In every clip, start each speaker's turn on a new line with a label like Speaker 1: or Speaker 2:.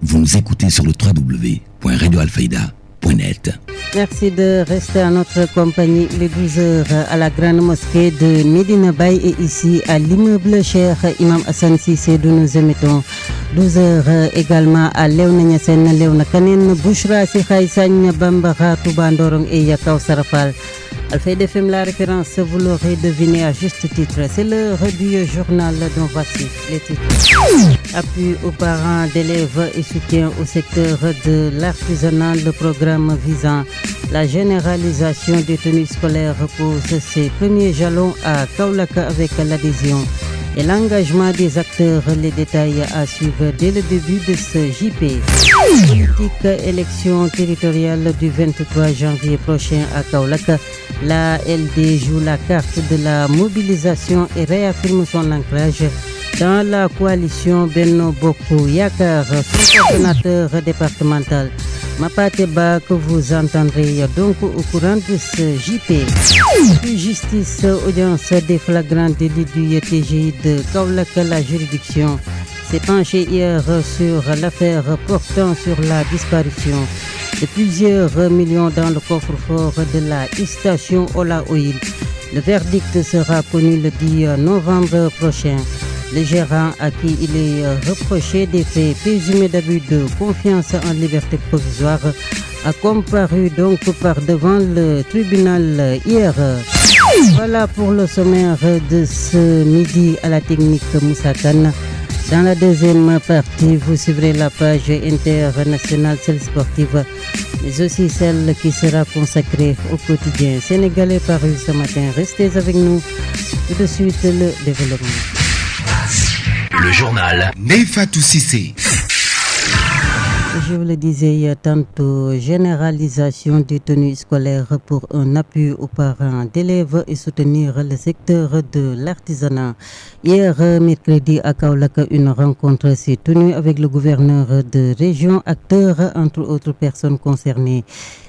Speaker 1: Vous nous écoutez sur le www.radioalfaïda.net.
Speaker 2: Merci de rester en notre compagnie les 12 heures à la grande mosquée de Medina Bay et ici à l'immeuble cher Imam Hassan Sissé de nous émettons. 12 heures également à Léona Nyassène, Léona Bouchra Sikhaï Bambara, Touba et Yakao Sarafal de la référence, vous l'aurez deviné à juste titre. C'est le du journal dont voici les titres. Appui aux parents d'élèves et soutien au secteur de l'artisanat, le programme visant la généralisation des tenues scolaires pose ses premiers jalons à Kaulaka avec l'adhésion et l'engagement des acteurs. Les détails à suivre dès le début de ce JP. Politique élection territoriale du 23 janvier prochain à Kaulaka. La LD joue la carte de la mobilisation et réaffirme son ancrage dans la coalition Benno Boko Yakar, son coordonnateur départemental. Mapateba que vous entendrez donc au courant de ce JP. Justice, audience des flagrants délits du TGI de Kaulak, la juridiction s'est penchée hier sur l'affaire portant sur la disparition de plusieurs millions dans le coffre-fort de la station Ola Oil. Le verdict sera connu le 10 novembre prochain. Le gérant à qui il est euh, reproché des faits présumés d'abus de confiance en liberté provisoire a comparu donc par devant le tribunal hier. Voilà pour le sommaire de ce midi à la technique Moussakan. Dans la deuxième partie, vous suivrez la page internationale, celle sportive, mais aussi celle qui sera consacrée au quotidien sénégalais paru ce matin. Restez avec nous. Tout de suite, le développement.
Speaker 1: Le journal
Speaker 2: je vous le disais il y a tantôt, généralisation des tenues scolaires pour un appui aux parents d'élèves et soutenir le secteur de l'artisanat. Hier, mercredi, à Kaolak, une rencontre s'est tenue avec le gouverneur de région, acteur, entre autres personnes concernées.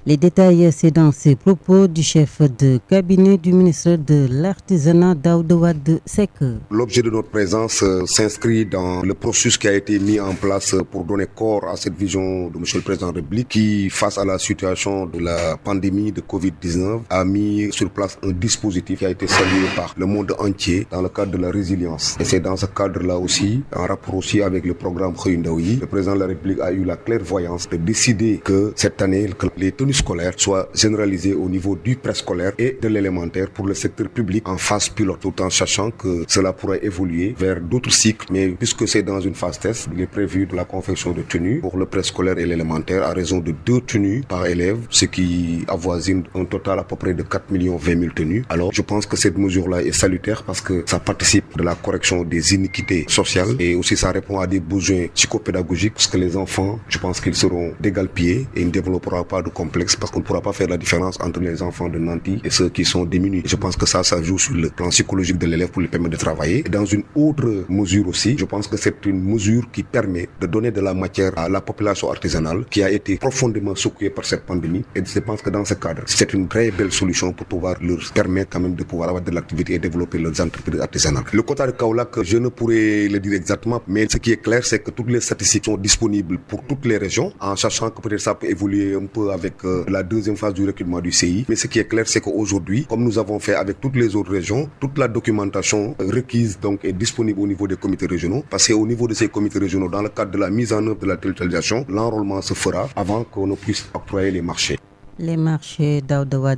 Speaker 2: Les détails, c'est dans ces propos du chef de cabinet du ministre de l'Artisanat d'Aoudouad Sek.
Speaker 3: L'objet de notre présence euh, s'inscrit dans le processus qui a été mis en place pour donner corps à cette vision de Monsieur le Président de la République qui, face à la situation de la pandémie de Covid-19, a mis sur place un dispositif qui a été salué par le monde entier dans le cadre de la résilience. Et c'est dans ce cadre-là aussi, en rapport aussi avec le programme Khoyundaoui, le Président de la République a eu la clairvoyance de décider que cette année, les tenues scolaires soient généralisées au niveau du préscolaire et de l'élémentaire pour le secteur public en phase pilote, tout en sachant que cela pourrait évoluer vers d'autres cycles. Mais puisque c'est dans une phase test, il est prévu de la confection de tenues pour le président scolaire et l'élémentaire à raison de deux tenues par élève, ce qui avoisine un total à peu près de 4 millions 20 000 tenues. Alors, je pense que cette mesure-là est salutaire parce que ça participe de la correction des iniquités sociales et aussi ça répond à des besoins psychopédagogiques parce que les enfants, je pense qu'ils seront dégalpillés et ne développeront pas de complexe parce qu'on ne pourra pas faire la différence entre les enfants de nantis et ceux qui sont diminués. Je pense que ça, ça joue sur le plan psychologique de l'élève pour lui permettre de travailler. dans une autre mesure aussi, je pense que c'est une mesure qui permet de donner de la matière à la population artisanale qui a été profondément secouée par cette pandémie. Et je pense que dans ce cadre, c'est une très belle solution pour pouvoir leur permettre quand même de pouvoir avoir de l'activité et développer leurs entreprises artisanales. Le quota de Kaolak, je ne pourrais le dire exactement, mais ce qui est clair, c'est que toutes les statistiques sont disponibles pour toutes les régions, en sachant que peut-être ça peut évoluer un peu avec euh, la deuxième phase du recrutement du CI. Mais ce qui est clair, c'est qu'aujourd'hui, comme nous avons fait avec toutes les autres régions, toute la documentation euh, requise donc est disponible au niveau des comités régionaux, parce qu'au niveau de ces comités régionaux, dans le cadre de la mise en œuvre de la territorialisation, l'enrôlement se fera avant qu'on nous puisse octroyer les marchés.
Speaker 2: Les marchés d'Aoudawad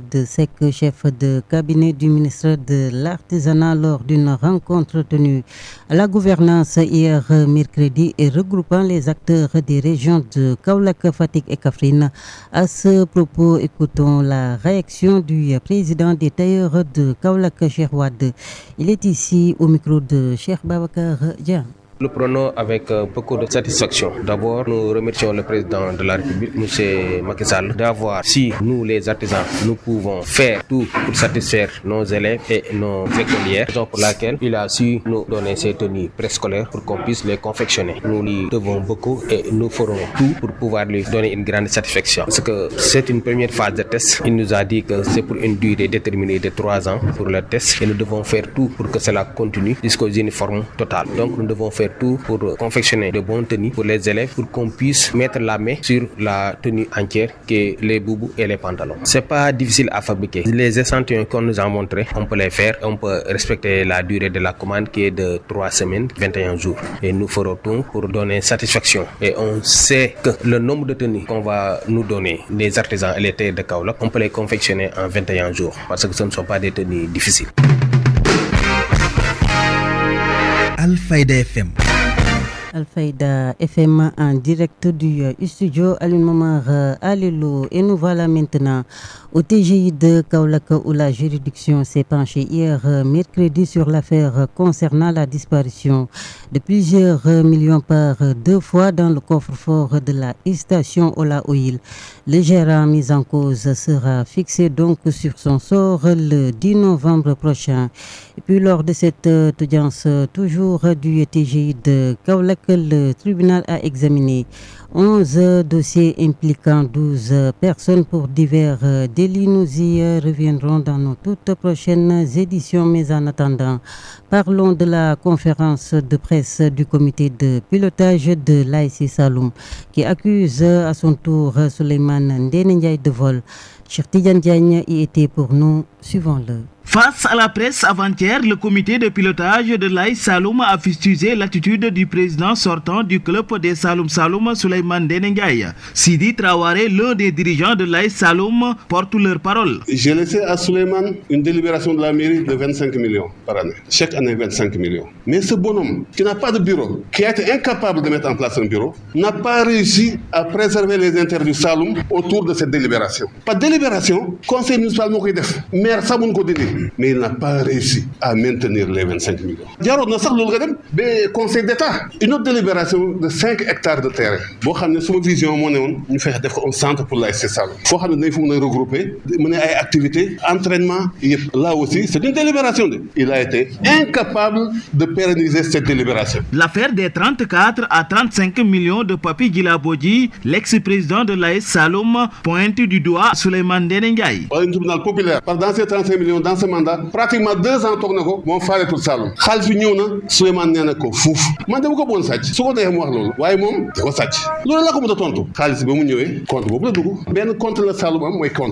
Speaker 2: que chef de cabinet du ministre de l'Artisanat, lors d'une rencontre tenue à la gouvernance hier mercredi et regroupant les acteurs des régions de Kaoulak, Fatik et Kafrine. À ce propos, écoutons la réaction du président des tailleurs de Kaulak, Cheikh Il est ici au micro de cher Babakar
Speaker 4: nous prenons avec euh, beaucoup de satisfaction. D'abord, nous remercions le président de la République, M. Macky Sall, d'avoir, si nous les artisans, nous pouvons faire tout pour satisfaire nos élèves et nos écolières, raison pour laquelle il a su nous donner ces tenues préscolaires pour qu'on puisse les confectionner. Nous lui devons beaucoup et nous ferons tout pour pouvoir lui donner une grande satisfaction. Parce que c'est une première phase de test. Il nous a dit que c'est pour une durée déterminée de trois ans pour le test et nous devons faire tout pour que cela continue jusqu'aux uniformes totales. Donc, nous devons faire tout pour confectionner de bonnes tenues pour les élèves pour qu'on puisse mettre la main sur la tenue entière que les boubous et les pantalons. C'est pas difficile à fabriquer. Les essentiels qu'on nous a montrés, on peut les faire. On peut respecter la durée de la commande qui est de 3 semaines, 21 jours. Et nous ferons tout pour donner satisfaction. Et on sait que le nombre de tenues qu'on va nous donner, les artisans et les terres de kaula on peut les confectionner en 21 jours parce que ce ne sont pas des tenues difficiles.
Speaker 2: Alfayda FM Alfaïda FM en direct du euh, studio Momar, euh, Alelo. Et nous voilà maintenant au TGI de Kaulaka où la juridiction s'est penchée hier euh, mercredi sur l'affaire concernant la disparition de plusieurs millions par deux fois dans le coffre-fort de la station Ola Oil. Le gérant mis en cause sera fixé donc sur son sort le 10 novembre prochain. Et puis lors de cette audience toujours du TGI de Kaulaka le tribunal a examiné 11 dossiers impliquant 12 personnes pour divers euh, délits. Nous y euh, reviendrons dans nos toutes prochaines éditions. Mais en attendant, parlons de la conférence de presse du comité de pilotage de l'AIC Saloum qui accuse euh, à son tour Suleiman Ndenendiaï de vol. Chirti Diagne y était pour nous. suivant le
Speaker 5: Face à la presse avant-hier, le comité de pilotage de l'Aïe Saloum a fustigé l'attitude du président sortant du club des Saloum Saloum,
Speaker 6: Souleymane Denengay.
Speaker 5: Sidi Traoré, l'un des dirigeants de l'Aïe Saloum, porte leur
Speaker 6: parole. J'ai laissé à Suleiman une délibération de la mairie de 25 millions par année. Chaque année, 25 millions. Mais ce bonhomme, qui n'a pas de bureau, qui a été incapable de mettre en place un bureau, n'a pas réussi à préserver les intérêts du Saloum autour de cette délibération. Pas délibération, conseil municipal Mouridef, maire Samoun Godini, mais il n'a pas réussi à maintenir les 25 millions. na conseil d'État une autre délibération de 5 hectares de terrain Nous avons vision un centre pour la Salom. Nous avons regrouper activités entraînement là aussi c'est une délibération il a été incapable de pérenniser cette délibération.
Speaker 5: l'affaire des 34 à 35 millions de Papy Gilabodi, l'ex-président de l'AS Salom, pointe du doigt sur les Ndiaye.
Speaker 6: un tribunal populaire dans ces 35 millions dans sa mandat pratiquement deux ans tourne mon frère est tout Saloum xaalis bi ñëw na Souleymane nee na ko fuuf man dama ko bon ça. su ko neexee mu wax loolu waaye moom da ko sàcc loolu la ko mën a tontu Ben ba mu salon, compte boobu la dugg compte la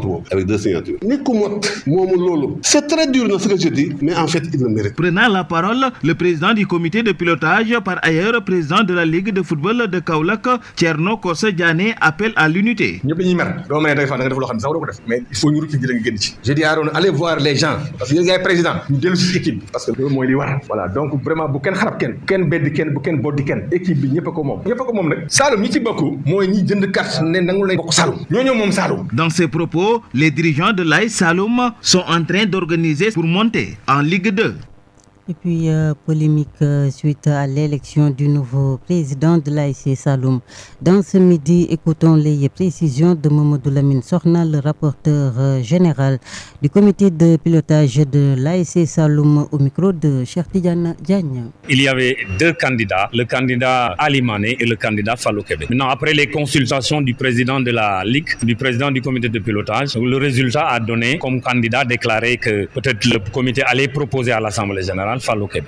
Speaker 6: compte avec deux signatures nit ku mot moomu c'est très dur na ce que je dis mais en fait il le mérite. Prenant la
Speaker 5: parole le président du comité de pilotage par ailleurs président de la ligue de football de Kaolack Thierno Kosse Diané appelle à l'unité. ñëpp mer ne da nga def loo xam ne sax ko def mais il faut ñu
Speaker 7: rëcc bi da nga ci. je dis à Aaron, allez voir les gens parce que président nous dellu équipe bi parce que loolu mooy li war voilà donc vraiment bu ken xarab ken ken kenn beddi kenn bu ken boddi kenn équipe bi ñëpp a ko mom ñëpp a ko moom nag Saloum ñi ci bokk moy ñi jënd carte né nangul lay bokk Saloum ñooñoo mom Saloum
Speaker 5: dans ses propos les dirigeants de l'AS Saloum sont en train d'organiser pour monter en Ligue 2
Speaker 2: et puis, euh, polémique euh, suite à l'élection du nouveau président de l'AIC Saloum. Dans ce midi, écoutons les précisions de Momodou Lamine Sorna, le rapporteur euh, général du comité de pilotage de l'AIC Saloum au micro de Chertidiane Diagne.
Speaker 8: Il y avait deux candidats, le candidat Ali Mané et le candidat Fallou Québec. Maintenant, après les consultations du président de la Ligue, du président du comité de pilotage, le résultat a donné comme candidat déclaré que peut-être le comité allait proposer à l'Assemblée générale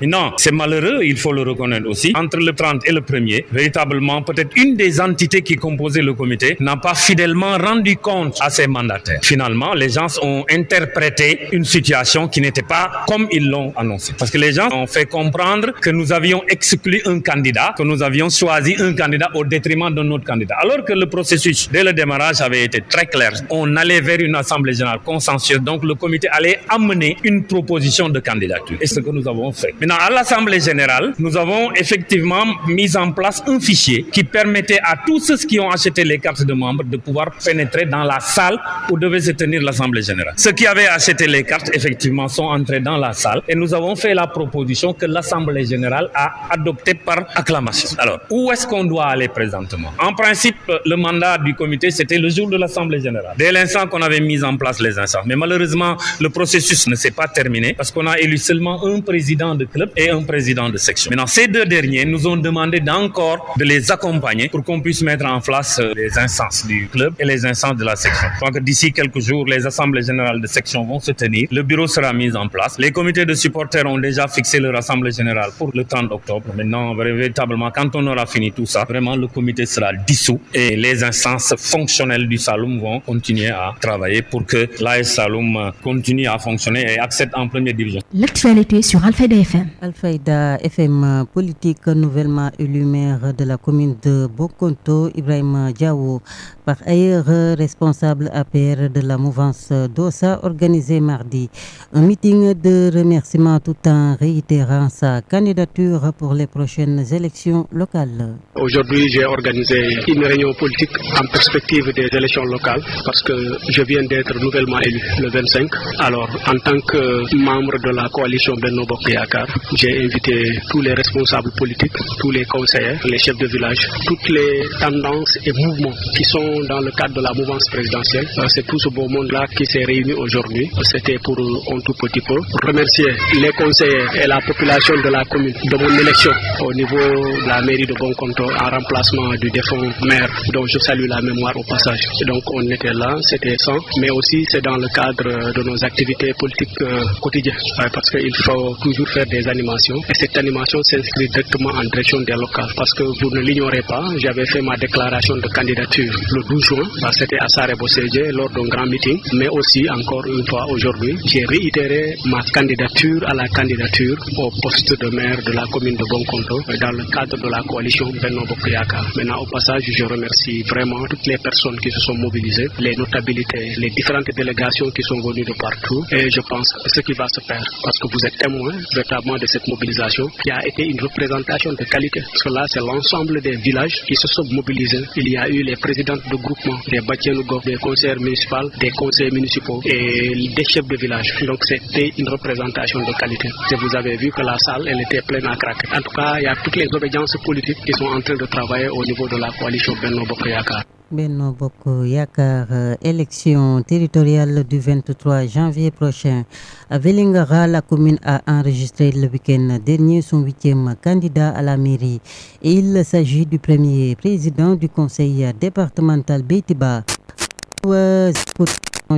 Speaker 8: non, c'est malheureux, il faut le reconnaître aussi. Entre le 30 et le 1er, véritablement, peut-être une des entités qui composait le comité n'a pas fidèlement rendu compte à ses mandataires. Finalement, les gens ont interprété une situation qui n'était pas comme ils l'ont annoncé. Parce que les gens ont fait comprendre que nous avions exclu un candidat, que nous avions choisi un candidat au détriment d'un autre candidat. Alors que le processus, dès le démarrage, avait été très clair. On allait vers une assemblée générale consensuelle, donc le comité allait amener une proposition de candidature. Et ce que nous avons fait. Maintenant, à l'Assemblée générale, nous avons effectivement mis en place un fichier qui permettait à tous ceux qui ont acheté les cartes de membres de pouvoir pénétrer dans la salle où devait se tenir l'Assemblée générale. Ceux qui avaient acheté les cartes, effectivement, sont entrés dans la salle et nous avons fait la proposition que l'Assemblée générale a adoptée par acclamation. Alors, où est-ce qu'on doit aller présentement En principe, le mandat du comité, c'était le jour de l'Assemblée générale, dès l'instant qu'on avait mis en place les instants. Mais malheureusement, le processus ne s'est pas terminé parce qu'on a élu seulement un président président de club et un président de section. Maintenant, ces deux derniers nous ont demandé d'encore de les accompagner pour qu'on puisse mettre en place euh, les instances du club et les instances de la section. que d'ici quelques jours, les assemblées générales de section vont se tenir. Le bureau sera mis en place. Les comités de supporters ont déjà fixé leur assemblée générale pour le 30 octobre. Maintenant, véritablement, quand on aura fini tout ça, vraiment, le comité sera dissous et les instances fonctionnelles du Saloum vont continuer à travailler pour que l'AS Saloum continue à fonctionner et accepte en première division.
Speaker 2: L'actualité sur Alfaïda FM. FM politique nouvellement élu maire de la commune de Bokonto Ibrahim Diawo par ailleurs euh, responsable APR de la mouvance DOSA organisé mardi. Un meeting de remerciement tout en réitérant sa candidature pour les prochaines élections locales.
Speaker 9: Aujourd'hui, j'ai organisé une réunion politique en perspective des élections locales parce que je viens d'être nouvellement élu le 25. Alors, en tant que membre de la coalition Benno Akar, j'ai invité tous les responsables politiques, tous les conseillers, les chefs de village, toutes les tendances et mouvements qui sont dans le cadre de la mouvance présidentielle. Euh, c'est tout ce beau monde-là qui s'est réuni aujourd'hui. C'était pour euh, un tout petit peu remercier les conseillers et la population de la commune de mon élection au niveau de la mairie de Bonconto en remplacement du défunt maire dont je salue la mémoire au passage. Donc on était là, c'était sans, mais aussi c'est dans le cadre de nos activités politiques euh, quotidiennes parce qu'il faut toujours faire des animations et cette animation s'inscrit directement en direction des locales parce que vous ne l'ignorez pas, j'avais fait ma déclaration de candidature 12 juin. C'était à Sarebo-Sédié lors d'un grand meeting, mais aussi encore une fois aujourd'hui, j'ai réitéré ma candidature à la candidature au poste de maire de la commune de Bonconto dans le cadre de la coalition Benno Bokriaka. Maintenant, au passage, je remercie vraiment toutes les personnes qui se sont mobilisées, les notabilités, les différentes délégations qui sont venues de partout et je pense que ce qui va se faire parce que vous êtes témoin véritablement de cette mobilisation qui a été une représentation de qualité. Cela, c'est l'ensemble des villages qui se sont mobilisés. Il y a eu les présidents de groupement, des bâtiments des conseils municipaux, des conseils municipaux et des chefs de village. Donc c'était une représentation de qualité. vous avez vu que la salle, était pleine à craquer. En tout cas, il y a toutes les obédiences politiques qui sont en train de travailler au niveau de la coalition Benno Bokoyaka.
Speaker 2: Benno Boko yakar euh, élection territoriale du 23 janvier prochain à Vélingara la commune a enregistré le week-end dernier son huitième candidat à la mairie et il s'agit du premier président du conseil départemental Bétiba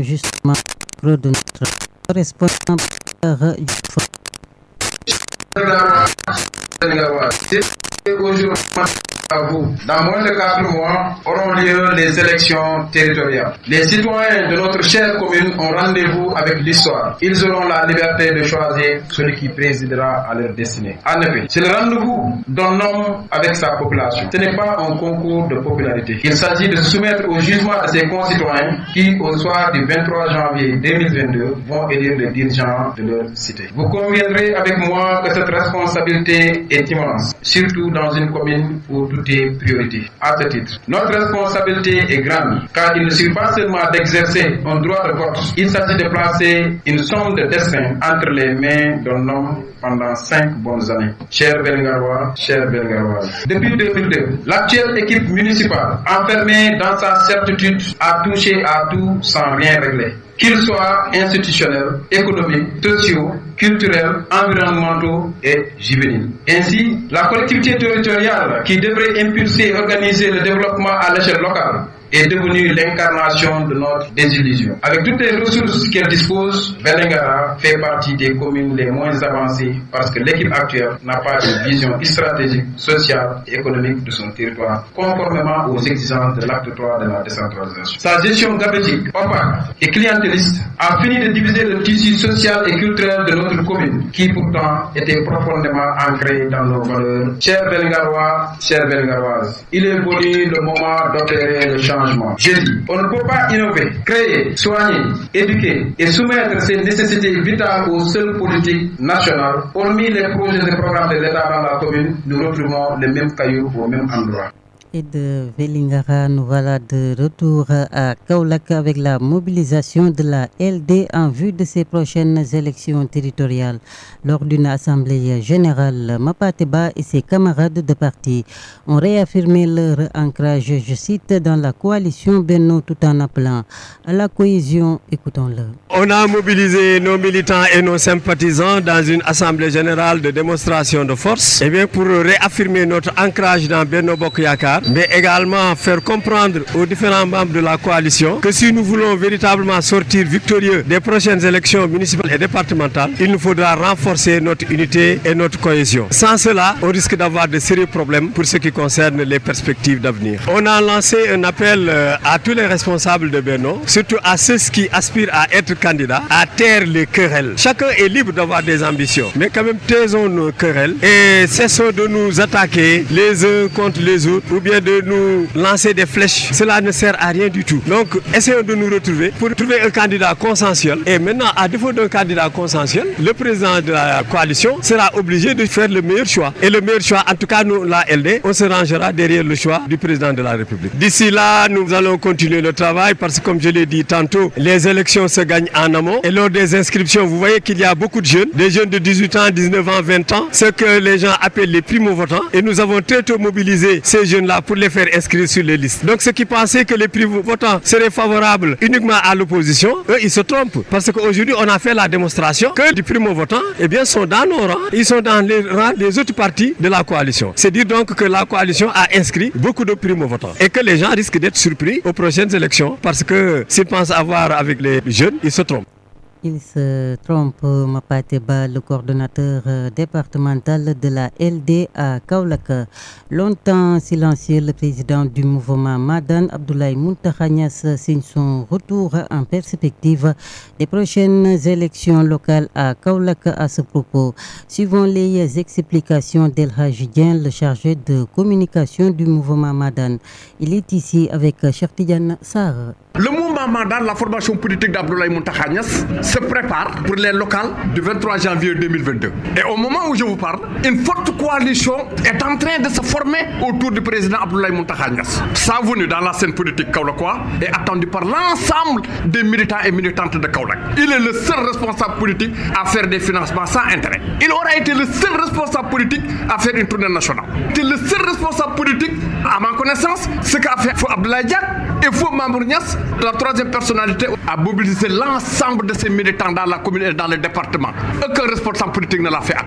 Speaker 2: justement de notre correspondant
Speaker 10: vous. Dans moins de 4 mois auront lieu les élections territoriales. Les citoyens de notre chère commune ont rendez-vous avec l'histoire. Ils auront la liberté de choisir celui qui présidera à leur destinée. En effet, c'est le rendez-vous d'un homme avec sa population. Ce n'est pas un concours de popularité. Il s'agit de soumettre au jugement de ses concitoyens qui, au soir du 23 janvier 2022, vont élire les dirigeants de leur cité. Vous conviendrez avec moi que cette responsabilité est immense, surtout dans une commune où tout priorité, À ce titre, notre responsabilité est grande, car il ne suffit pas seulement d'exercer un droit de vote. Il s'agit de placer une somme de destin entre les mains d'un homme pendant cinq bonnes années. Chers Belgarois, chers belgarois, depuis 2002, l'actuelle équipe municipale, enfermée dans sa certitude, a touché à tout sans rien régler qu'ils soient institutionnels, économiques, sociaux, culturels, environnementaux et juvéniles. Ainsi, la collectivité territoriale qui devrait impulser et organiser le développement à l'échelle locale est devenue l'incarnation de notre désillusion. Avec toutes les ressources qu'elle dispose, Belengara fait partie des communes les moins avancées parce que l'équipe actuelle n'a pas de vision stratégique, sociale et économique de son territoire, conformément aux exigences de l'acte 3 de la décentralisation. Sa gestion gabétique, opaque et clientéliste a fini de diviser le tissu social et culturel de notre commune, qui pourtant était profondément ancré dans nos valeurs. Chers Belengarois, chères il est venu le moment d'opérer le champ je dis, on ne peut pas innover, créer, soigner, éduquer et soumettre ces nécessités vitales aux seules politiques nationales. Hormis les projets et programmes de l'État dans la commune, nous retrouvons les mêmes cailloux au même endroit et
Speaker 2: de Velingara, nous voilà de retour à Kaulaka avec la mobilisation de la LD en vue de ses prochaines élections territoriales. Lors d'une assemblée générale, Mapateba et ses camarades de parti ont réaffirmé leur ancrage, je cite, dans la coalition Benno tout en appelant à la cohésion. Écoutons-le.
Speaker 11: On a mobilisé nos militants et nos sympathisants dans une assemblée générale de démonstration de force et eh bien pour réaffirmer notre ancrage dans Benno Bokyaka mais également faire comprendre aux différents membres de la coalition que si nous voulons véritablement sortir victorieux des prochaines élections municipales et départementales, il nous faudra renforcer notre unité et notre cohésion. Sans cela, on risque d'avoir de sérieux problèmes pour ce qui concerne les perspectives d'avenir. On a lancé un appel euh, à tous les responsables de Benoît, surtout à ceux qui aspirent à être candidats, à taire les querelles. Chacun est libre d'avoir des ambitions, mais quand même taisons nos querelles et cessons de nous attaquer les uns contre les autres ou bien de nous lancer des flèches. Cela ne sert à rien du tout. Donc, essayons de nous retrouver pour trouver un candidat consensuel. Et maintenant, à défaut d'un candidat consensuel, le président de la coalition sera obligé de faire le meilleur choix. Et le meilleur choix, en tout cas, nous, la LD, on se rangera derrière le choix du président de la République. D'ici là, nous allons continuer le travail parce que, comme je l'ai dit tantôt, les élections se gagnent en amont. Et lors des inscriptions, vous voyez qu'il y a beaucoup de jeunes, des jeunes de 18 ans, 19 ans, 20 ans, ce que les gens appellent les primo-votants. Et nous avons très tôt mobilisé ces jeunes-là pour les faire inscrire sur les listes. Donc ceux qui pensaient que les primo votants seraient favorables uniquement à l'opposition, eux, ils se trompent. Parce qu'aujourd'hui, on a fait la démonstration que les primo-votants eh bien, sont dans nos rangs, ils sont dans les rangs des autres partis de la coalition. C'est dire donc que la coalition a inscrit beaucoup de primo-votants et que les gens risquent d'être surpris aux prochaines élections parce que s'ils pensent avoir avec les jeunes, ils se trompent.
Speaker 2: Il se trompe, Mapateba, le coordonnateur euh, départemental de la LD à Kaulaka. Longtemps silencieux, le président du mouvement Madan Abdoulaye Moutahanyas signe son retour en perspective des prochaines élections locales à Kaulaka à ce propos. Suivant les explications d'El Hajidien, le chargé de communication du mouvement Madan. Il est ici avec Chertidiane Sar.
Speaker 7: Le mandat la formation politique d'Abdoulaye Moutakha se prépare pour les locales du 23 janvier 2022. Et au moment où je vous parle, une forte coalition est en train de se former autour du président Abdoulaye Moutakha Sa venue dans la scène politique kaolakois est attendu par l'ensemble des militants et militantes de Kaulak. Il est le seul responsable politique à faire des financements sans intérêt. Il aura été le seul responsable politique à faire une tournée nationale. est le seul responsable politique, à ma connaissance, ce qu'a fait Abdoulaye et Fou Mamour Niass, la troisième personnalité a mobilisé l'ensemble de ses militants dans la commune et dans le département. Aucun responsable politique ne l'a fait à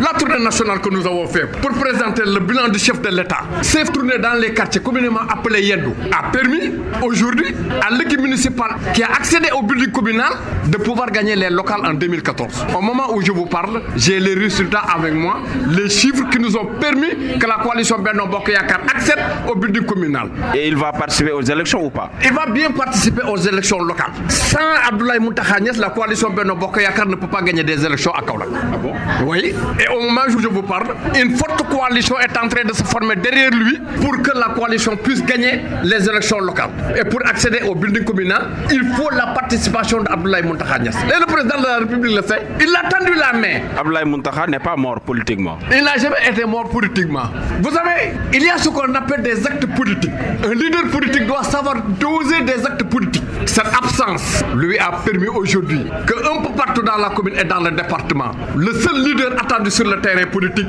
Speaker 7: La tournée nationale que nous avons fait pour présenter le bilan du chef de l'État, cette tournée dans les quartiers communément appelés yendo, a permis aujourd'hui à l'équipe municipale qui a accédé au budget communal de pouvoir gagner les locales en 2014. Au moment où je vous parle, j'ai les résultats avec moi, les chiffres qui nous ont permis que la coalition Bernard Yakar accède au budget communal.
Speaker 1: Et il va participer aux élections ou pas
Speaker 7: Il va bien participer aux élections locales. Sans Abdoulaye Moutakha la coalition Benno ne peut pas gagner des élections à Kaolack. Ah bon Oui. Et au moment où je vous parle, une forte coalition est en train de se former derrière lui pour que la coalition puisse gagner les élections locales. Et pour accéder au building communal, il faut la participation d'Abdoulaye Moutakha Et le président de la République le fait. Il a tendu la main.
Speaker 1: Abdoulaye Moutakha n'est pas mort politiquement.
Speaker 7: Il n'a jamais été mort politiquement. Vous savez, il y a ce qu'on appelle des actes politiques. Un leader politique doit savoir doser des actes politiques. Cette absence lui a permis aujourd'hui que un peu partout dans la commune et dans le département, le seul leader attendu sur le terrain politique,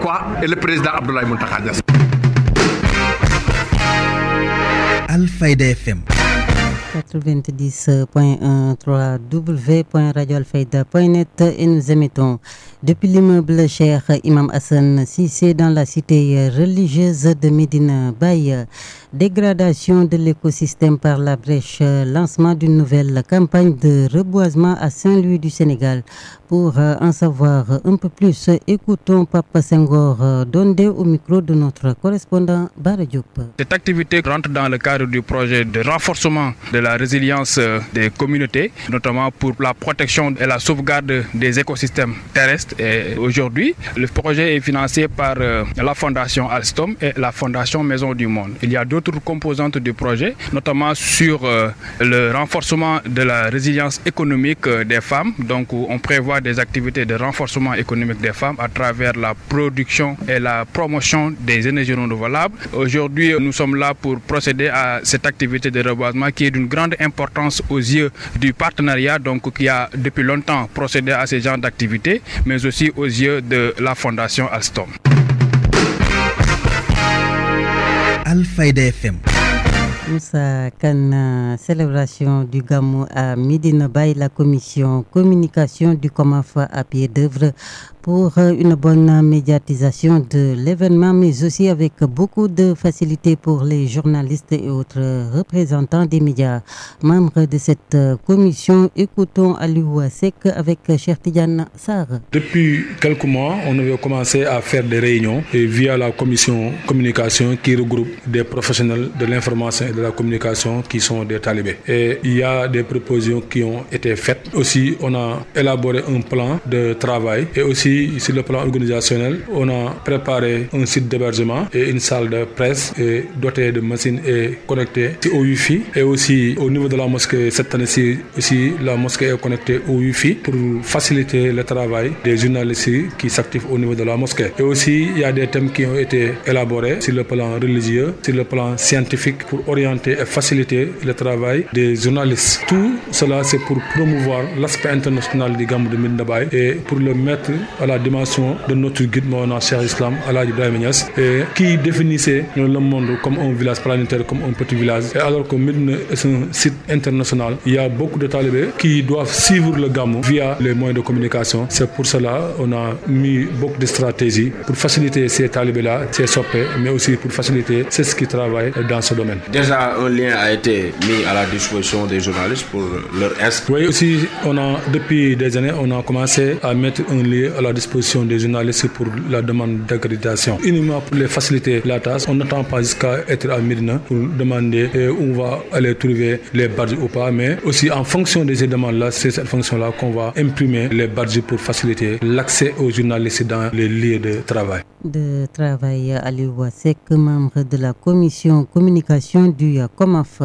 Speaker 7: quoi, est le président Abdoulaye Moutakadias.
Speaker 2: Alphaïda FM 90.13 www.radioalfayda.net et nous émettons depuis l'immeuble cher Imam Hassan c'est dans la cité religieuse de Médine Baye. Dégradation de l'écosystème par la brèche, lancement d'une nouvelle campagne de reboisement à Saint-Louis du Sénégal. Pour euh, en savoir un peu plus, écoutons Papa Senghor euh, Dondé au micro de notre correspondant Baradjoup.
Speaker 12: Cette activité
Speaker 1: rentre dans le cadre du projet de renforcement de la résilience euh, des communautés, notamment pour la protection et la sauvegarde des écosystèmes terrestres. Et aujourd'hui, le projet est financé par la Fondation Alstom et la Fondation Maison du Monde. Il y a deux d'autres composantes du projet, notamment sur euh, le renforcement de la résilience économique euh, des femmes. Donc on prévoit des activités de renforcement économique des femmes à travers la production et la promotion des énergies renouvelables. Aujourd'hui, nous sommes là pour procéder à cette activité de reboisement qui est d'une grande importance aux yeux du partenariat, donc qui a depuis longtemps procédé à ce genre d'activité, mais aussi aux yeux de la Fondation Alstom.
Speaker 2: Alfayda FM. célébration du Gamou à Midi Bay, la commission communication du COMAFA à pied d'œuvre pour euh, une bonne médiatisation de l'événement, mais aussi avec beaucoup de facilité pour les journalistes et autres représentants des médias. Membres de cette euh, commission, écoutons Aliou Sek avec Cher Tidiane Sar.
Speaker 12: Depuis quelques mois, on avait commencé à faire des réunions et via la commission communication qui regroupe des professionnels de l'information et de la communication qui sont des talibés. Et il y a des propositions qui ont été faites. Aussi, on a élaboré un plan de travail et aussi sur le plan organisationnel, on a préparé un site d'hébergement et une salle de presse et dotée de machines et connectée au Wi-Fi. Et aussi, au niveau de la mosquée, cette année-ci, aussi, la mosquée est connectée au Wi-Fi pour faciliter le travail des journalistes qui s'activent au niveau de la mosquée. Et aussi, il y a des thèmes qui ont été élaborés sur le plan religieux, sur le plan scientifique pour orienter et faciliter le travail des journalistes. Tout cela, c'est pour promouvoir l'aspect international du gamme de Mindabaye et pour le mettre à la dimension de notre guide mon à Islam, Allah Ibrahim et qui définissait le monde comme un village planétaire, comme un petit village. Et alors que Medina est un site international, il y a beaucoup de talibés qui doivent suivre le gamme via les moyens de communication. C'est pour cela qu'on a mis beaucoup de stratégies pour faciliter ces talibés-là, ces sopés, mais aussi pour faciliter ceux qui travaillent dans ce domaine.
Speaker 1: Déjà, un lien a été mis à la disposition des journalistes pour leur inscrire.
Speaker 12: Oui, aussi, on a, depuis des années, on a commencé à mettre un lien à la disposition des journalistes pour la demande d'accréditation. Uniquement pour les faciliter la tâche, on n'attend pas jusqu'à être à Mirna pour demander euh, où on va aller trouver les badges ou pas, mais aussi en fonction des demandes-là, c'est cette fonction-là qu'on va imprimer les badges pour faciliter l'accès aux journalistes dans les lieux de travail.
Speaker 2: De travail à que membre de la commission communication du COMAF.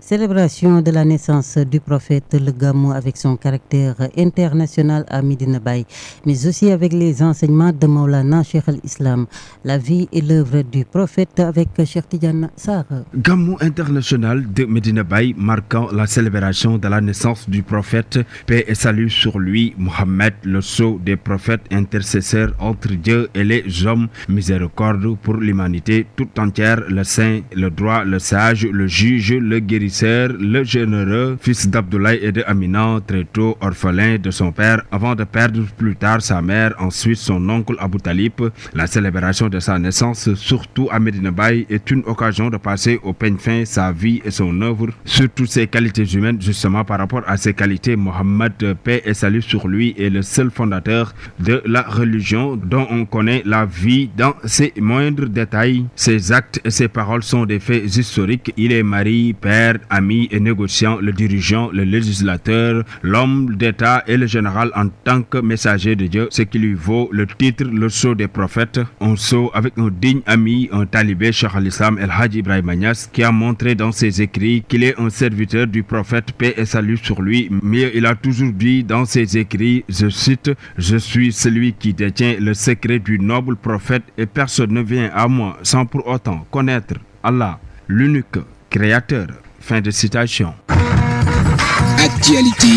Speaker 2: Célébration de la naissance du prophète le Gamou avec son caractère international à Midinabaye, mais aussi avec les enseignements de Maulana Cheikh al-Islam, la vie et l'œuvre du prophète avec Cheikh Tidjana Sarr.
Speaker 1: Gamou international de Medina Bay marquant la célébration de la naissance du prophète, paix et salut sur lui, Mohammed, le sceau des prophètes intercesseurs entre Dieu et les hommes, miséricorde pour l'humanité tout entière, le saint, le droit, le sage, le juge, le guérisseur, le généreux, fils d'Abdoulaye et de Amina, très tôt orphelin de son père avant de perdre plus tard sa mère mère, ensuite son oncle Abu Talib. La célébration de sa naissance, surtout à Medina est une occasion de passer au peigne fin sa vie et son œuvre, surtout ses qualités humaines, justement par rapport à ses qualités. Mohammed, paix et salut sur lui, est le seul fondateur de la religion dont on connaît la vie dans ses moindres détails. Ses actes et ses paroles sont des faits historiques. Il est mari, père, ami et négociant, le dirigeant, le législateur, l'homme d'État et le général en tant que messager de Dieu ce qui lui vaut le titre Le Sceau des Prophètes, un saut avec nos digne amis, un talibé, Cheikh al-Islam El hadji Ibrahim qui a montré dans ses écrits qu'il est un serviteur du prophète, paix et salut sur lui, mais il a toujours dit dans ses écrits, je cite, Je suis celui qui détient le secret du noble prophète et personne ne vient à moi sans pour autant connaître Allah, l'unique créateur. Fin de citation.
Speaker 2: Actualité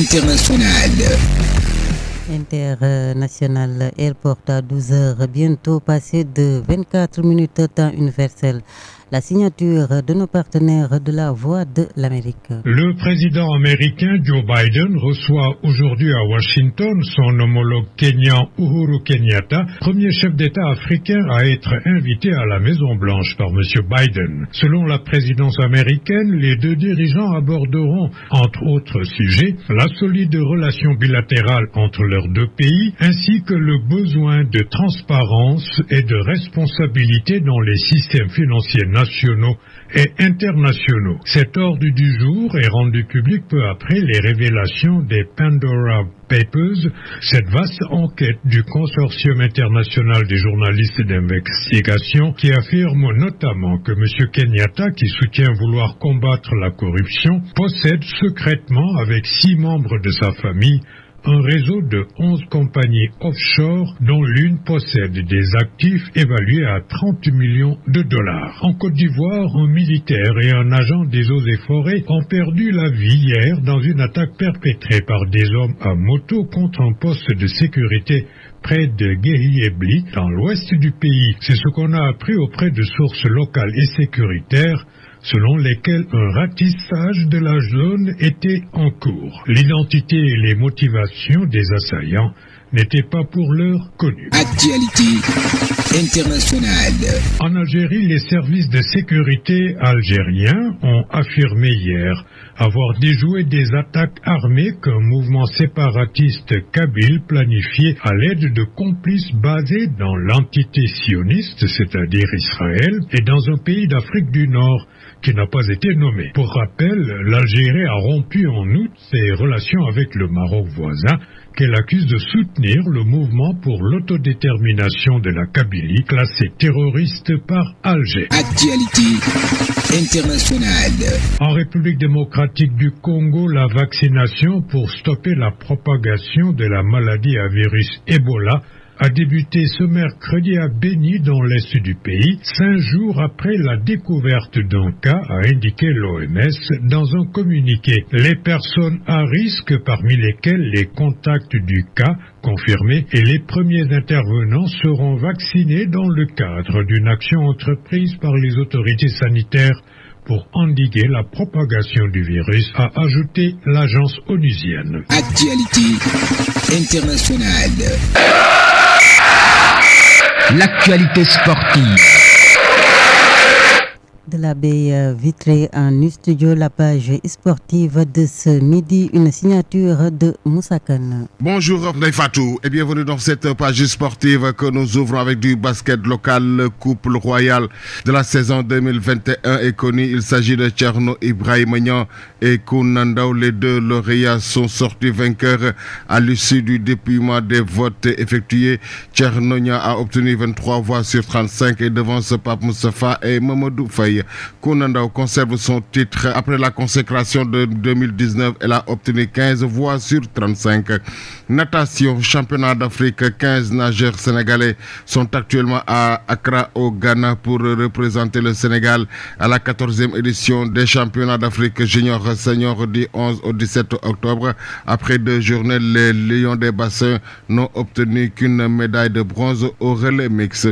Speaker 2: internationale international airport à 12 h bientôt passé de 24 minutes temps universel la signature de nos partenaires de la Voix de l'Amérique.
Speaker 13: Le président américain Joe Biden reçoit aujourd'hui à Washington son homologue kenyan Uhuru Kenyatta, premier chef d'État africain à être invité à la Maison-Blanche par M. Biden. Selon la présidence américaine, les deux dirigeants aborderont, entre autres sujets, la solide relation bilatérale entre leurs deux pays, ainsi que le besoin de transparence et de responsabilité dans les systèmes financiers nationaux et internationaux. Cet ordre du jour est rendu public peu après les révélations des Pandora Papers, cette vaste enquête du consortium international des journalistes d'investigation qui affirme notamment que M. Kenyatta, qui soutient vouloir combattre la corruption, possède secrètement avec six membres de sa famille un réseau de 11 compagnies offshore dont l'une possède des actifs évalués à 30 millions de dollars. En Côte d'Ivoire, un militaire et un agent des eaux et forêts ont perdu la vie hier dans une attaque perpétrée par des hommes à moto contre un poste de sécurité près de Guéhiébli, dans l'ouest du pays. C'est ce qu'on a appris auprès de sources locales et sécuritaires selon lesquels un ratissage de la zone était en cours. L'identité et les motivations des assaillants n'étaient pas pour l'heure connues. Actualité internationale. En Algérie, les services de sécurité algériens ont affirmé hier avoir déjoué des attaques armées qu'un mouvement séparatiste kabyle planifiait à l'aide de complices basés dans l'entité sioniste, c'est-à-dire Israël, et dans un pays d'Afrique du Nord qui n'a pas été nommé. Pour rappel, l'Algérie a rompu en août ses relations avec le Maroc voisin qu'elle accuse de soutenir le mouvement pour l'autodétermination de la Kabylie classée terroriste par Alger.
Speaker 5: Actualité internationale.
Speaker 13: En République démocratique du Congo, la vaccination pour stopper la propagation de la maladie à virus Ebola a débuté ce mercredi à Béni dans l'est du pays, cinq jours après la découverte d'un cas, a indiqué l'OMS dans un communiqué. Les personnes à risque, parmi lesquelles les contacts du cas confirmés et les premiers intervenants seront vaccinés dans le cadre d'une action entreprise par les autorités sanitaires pour endiguer la propagation du virus, a ajouté l'agence onusienne. internationale. L'actualité sportive.
Speaker 2: De la baie euh, vitrée en studio, la page sportive de ce midi, une signature de Moussakan.
Speaker 14: Bonjour et bienvenue dans cette page sportive que nous ouvrons avec du basket local. Le couple royal de la saison 2021 est connu. Il s'agit de Tcherno Ibrahimagnan et Kounandao. Les deux lauréats sont sortis vainqueurs à l'issue du dépouillement des votes effectués. Tchernonia a obtenu 23 voix sur 35 et devant ce pape Moussafa et Mamadou Faye. Kunandao conserve son titre après la consécration de 2019. Elle a obtenu 15 voix sur 35. Natation, championnat d'Afrique, 15 nageurs sénégalais sont actuellement à Accra au Ghana pour représenter le Sénégal à la 14e édition des championnats d'Afrique junior senior du 11 au 17 octobre. Après deux journées, les Lions des Bassins n'ont obtenu qu'une médaille de bronze au relais mixte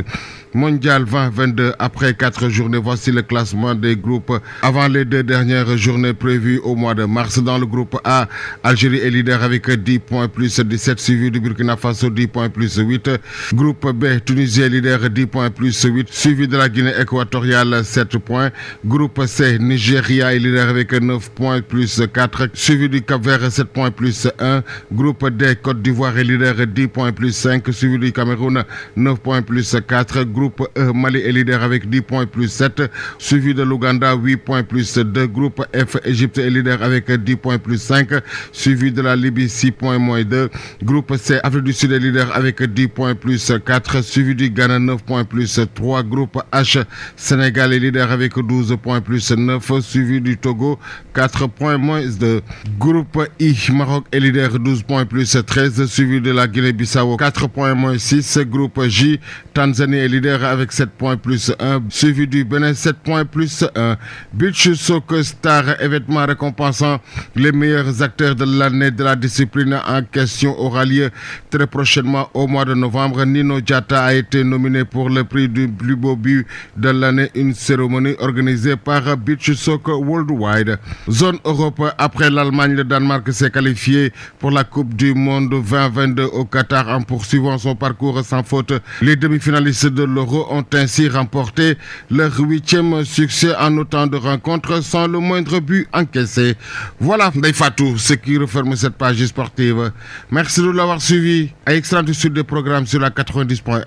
Speaker 14: mondial 2022 après quatre journées. Voici le classement des groupes avant les deux dernières journées prévues au mois de mars. Dans le groupe A, Algérie est leader avec 10 points plus 17, suivi du Burkina Faso 10 points plus 8. Groupe B, Tunisie est leader 10 points plus 8, suivi de la Guinée équatoriale 7 points. Groupe C, Nigeria est leader avec 9 points plus 4, suivi du Cap Vert 7 points plus 1. Groupe D, Côte d'Ivoire est leader 10 points plus 5, suivi du Cameroun 9 points plus 4 groupe E, Mali est leader avec 10 points plus 7, suivi de l'Ouganda, 8 points plus 2. Groupe F, Égypte est leader avec 10 points plus 5, suivi de la Libye, 6 points moins 2. Groupe C, Afrique du Sud est leader avec 10 points plus 4, suivi du Ghana, 9 points plus 3. Groupe H, Sénégal est leader avec 12 points plus 9, suivi du Togo, 4 points moins 2. Groupe I, Maroc est leader 12 points plus 13, suivi de la Guinée-Bissau, 4 points moins 6. Groupe J, Tanzanie est leader avec 7 points plus 1, suivi du Bénin 7 points plus 1. Beach Soccer Star, événement récompensant les meilleurs acteurs de l'année de la discipline en question aura lieu très prochainement au mois de novembre. Nino Jata a été nominé pour le prix du plus beau but de l'année, une cérémonie organisée par Beach Soccer Worldwide. Zone Europe, après l'Allemagne, le Danemark s'est qualifié pour la Coupe du Monde 2022 au Qatar en poursuivant son parcours sans faute. Les demi-finalistes de ont ainsi remporté leur huitième succès en autant de rencontres sans le moindre but encaissé. Voilà, Fatou, ce qui referme cette page sportive. Merci de l'avoir suivi. À extra du sud des programmes sur la 90.1.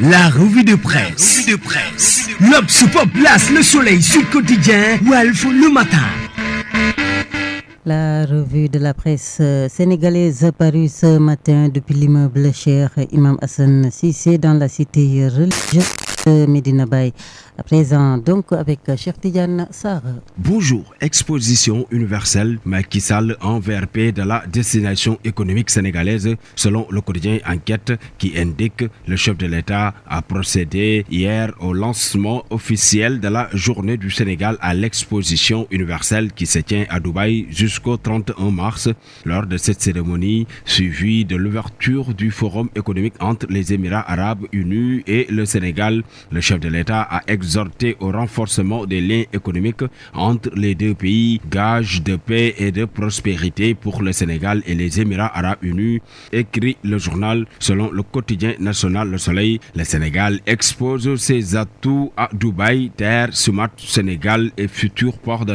Speaker 11: La revue de presse.
Speaker 1: de presse.
Speaker 11: L'Obs Place, Le Soleil, le Quotidien, Welf, Le Matin.
Speaker 2: La revue de la presse euh, sénégalaise apparue ce matin depuis l'immeuble cher Imam Hassan Sissé dans la cité religieuse. Medina Bay. À présent, donc, avec euh, Cheikh Tidiane Sarr.
Speaker 1: Bonjour. Exposition universelle Macky Sall en VRP de la destination économique sénégalaise, selon le quotidien Enquête qui indique le chef de l'État a procédé hier au lancement officiel de la journée du Sénégal à l'exposition universelle qui se tient à Dubaï jusqu'au 31 mars. Lors de cette cérémonie, suivie de l'ouverture du forum économique entre les Émirats arabes unis et le Sénégal, le chef de l'État a exhorté au renforcement des liens économiques entre les deux pays, gage de paix et de prospérité pour le Sénégal et les Émirats arabes unis, écrit le journal. Selon le quotidien national Le Soleil, le Sénégal expose ses atouts à Dubaï, Terre, Sumat, Sénégal et futur port de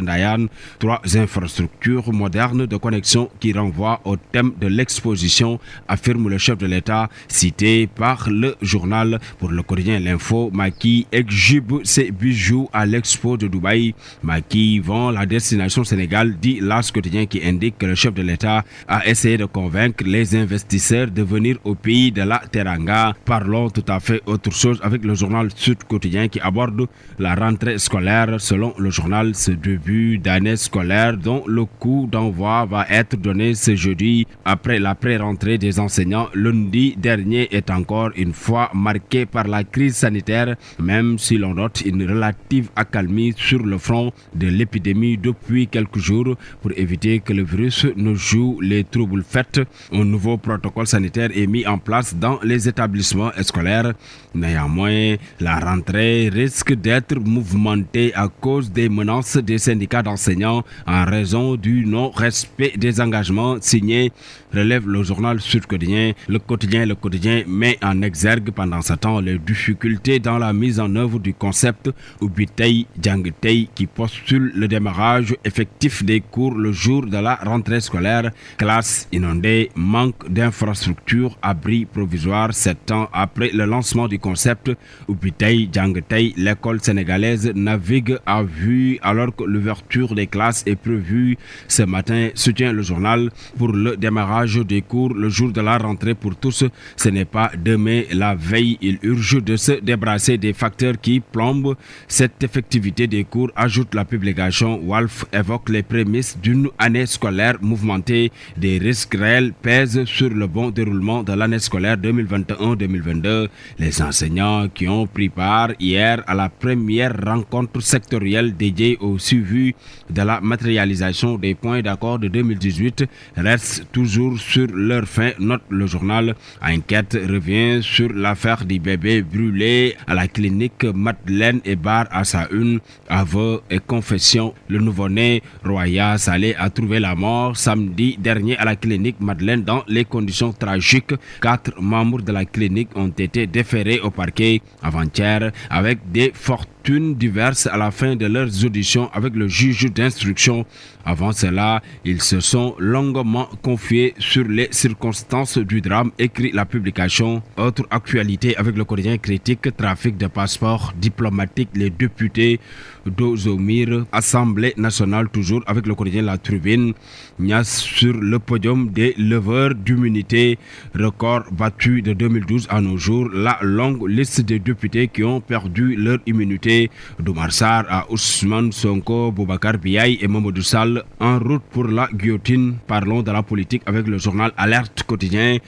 Speaker 1: trois infrastructures modernes de connexion qui renvoient au thème de l'exposition, affirme le chef de l'État, cité par le journal pour le quotidien L'Info Maquis Maki, exhibe ses bijoux à l'expo de Dubaï. Maki vend la destination Sénégal, dit l'As quotidien qui indique que le chef de l'État a essayé de convaincre les investisseurs de venir au pays de la Teranga. Parlons tout à fait autre chose avec le journal Sud quotidien qui aborde la rentrée scolaire. Selon le journal, ce début d'année scolaire dont le coup d'envoi va être donné ce jeudi après la pré-rentrée des enseignants lundi dernier est encore une fois marqué par la crise sanitaire même si l'on note une relative accalmie sur le front de l'épidémie depuis quelques jours pour éviter que le virus ne joue les troubles faits. Un nouveau protocole sanitaire est mis en place dans les établissements scolaires. Néanmoins, la rentrée risque d'être mouvementée à cause des menaces des syndicats d'enseignants en raison du non-respect des engagements signés, relève le journal sud Le quotidien, le quotidien met en exergue pendant ce temps les difficultés dans la mise en œuvre du concept Ubitei Djangtei, qui postule le démarrage effectif des cours le jour de la rentrée scolaire. Classe inondée, manque d'infrastructures, abri provisoire sept ans après le lancement du concept Ubitei Djangtei, l'école sénégalaise navigue à vue alors que l'ouverture des classes est prévue ce matin, soutient le journal pour le démarrage des cours le jour de la rentrée pour tous. Ce n'est pas demain la veille, il urge de se débarrasser c'est des facteurs qui plombent cette effectivité des cours, ajoute la publication. Wolf évoque les prémices d'une année scolaire mouvementée. Des risques réels pèsent sur le bon déroulement de l'année scolaire 2021-2022. Les enseignants qui ont pris part hier à la première rencontre sectorielle dédiée au suivi de la matérialisation des points d'accord de 2018 restent toujours sur leur fin, note le journal. Enquête revient sur l'affaire du bébé brûlé à la clinique Madeleine Bar à sa une. Aveu et confession, le nouveau-né Roya Salé a trouvé la mort samedi dernier à la clinique Madeleine dans les conditions tragiques. Quatre membres de la clinique ont été déférés au parquet avant-hier avec des fortes une diverses à la fin de leurs auditions avec le juge d'instruction. Avant cela, ils se sont longuement confiés sur les circonstances du drame, écrit la publication. Autre actualité avec le quotidien critique, trafic de passeports diplomatiques, les députés d'Ozomir, Assemblée nationale toujours avec le quotidien La Tribune. Nias sur le podium des leveurs d'immunité. Record battu de 2012 à nos jours. La longue liste des députés qui ont perdu leur immunité. Doumarsar à Ousmane Sonko, Boubacar Biaï et Mamadou en route pour la guillotine. Parlons de la politique avec le journal Alerte quotidien.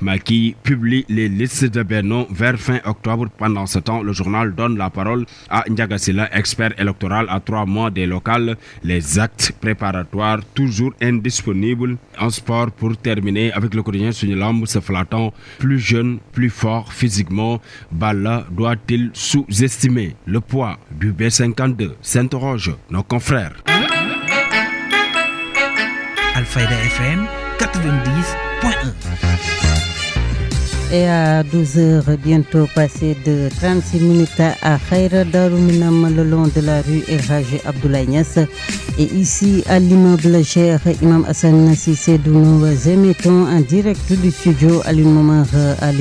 Speaker 1: Maki publie les listes de Bénon vers fin octobre. Pendant ce temps, le journal donne la parole à Ndiagasila, expert électoral à trois mois des locales. Les actes préparatoires toujours indisponibles en sport pour terminer avec le Coréen Sunilam se flattant plus jeune, plus fort physiquement. Bala doit-il sous-estimer le poids du B52 s'interroge nos confrères. Alpha FM
Speaker 4: 90.1
Speaker 2: et à 12h, bientôt passé de 36 minutes à Khaira Daruminam, le long de la rue El Haji Et ici, à l'immeuble cher Imam Hassan d'où nous émettons en direct du studio à l'immeuble à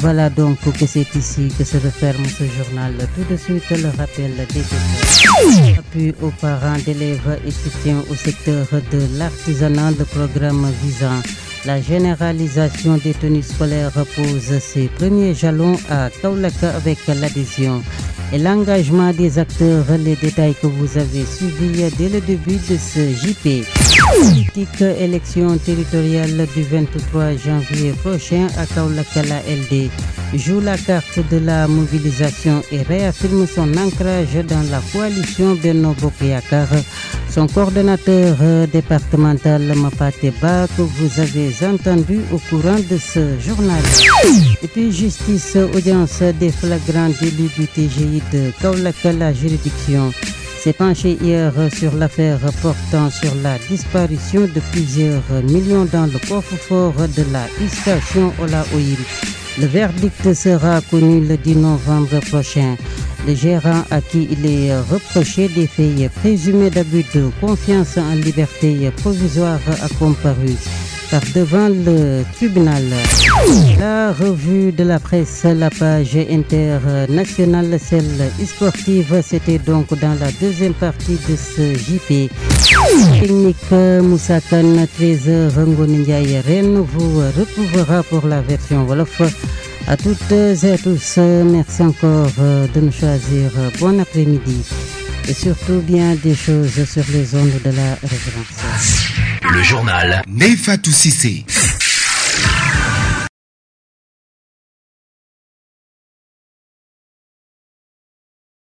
Speaker 2: Voilà donc que c'est ici que se referme ce journal. Tout de suite, le rappel des Appui aux parents d'élèves et soutien au secteur de l'artisanat, de programme visant la généralisation des tenues scolaires repose ses premiers jalons à Kaulaka avec l'adhésion et l'engagement des acteurs. Les détails que vous avez suivis dès le début de ce JP. Politique élection territoriale du 23 janvier prochain à Kaulaka la LD joue la carte de la mobilisation et réaffirme son ancrage dans la coalition Beno Bokeyakar. Son coordonnateur euh, départemental, Mapateba, que vous avez entendu au courant de ce journal. Et puis, justice, audience des flagrants délits du TGI de Kaulaka, la juridiction s'est penché hier sur l'affaire portant sur la disparition de plusieurs millions dans le coffre-fort de la station Ola le verdict sera connu le 10 novembre prochain. Le gérant à qui il est reproché des faits présumés d'abus de confiance en liberté provisoire a comparu devant le tribunal. La revue de la presse, la page internationale, celle sportive, c'était donc dans la deuxième partie de ce JP. Technique Moussa Khan, 13h, vous retrouvera pour la version Wolof. À toutes et à tous, merci encore euh, de nous choisir. Euh, bon après-midi et surtout bien des choses sur les ondes de la résidence
Speaker 13: le journal
Speaker 2: Nefa Sissé.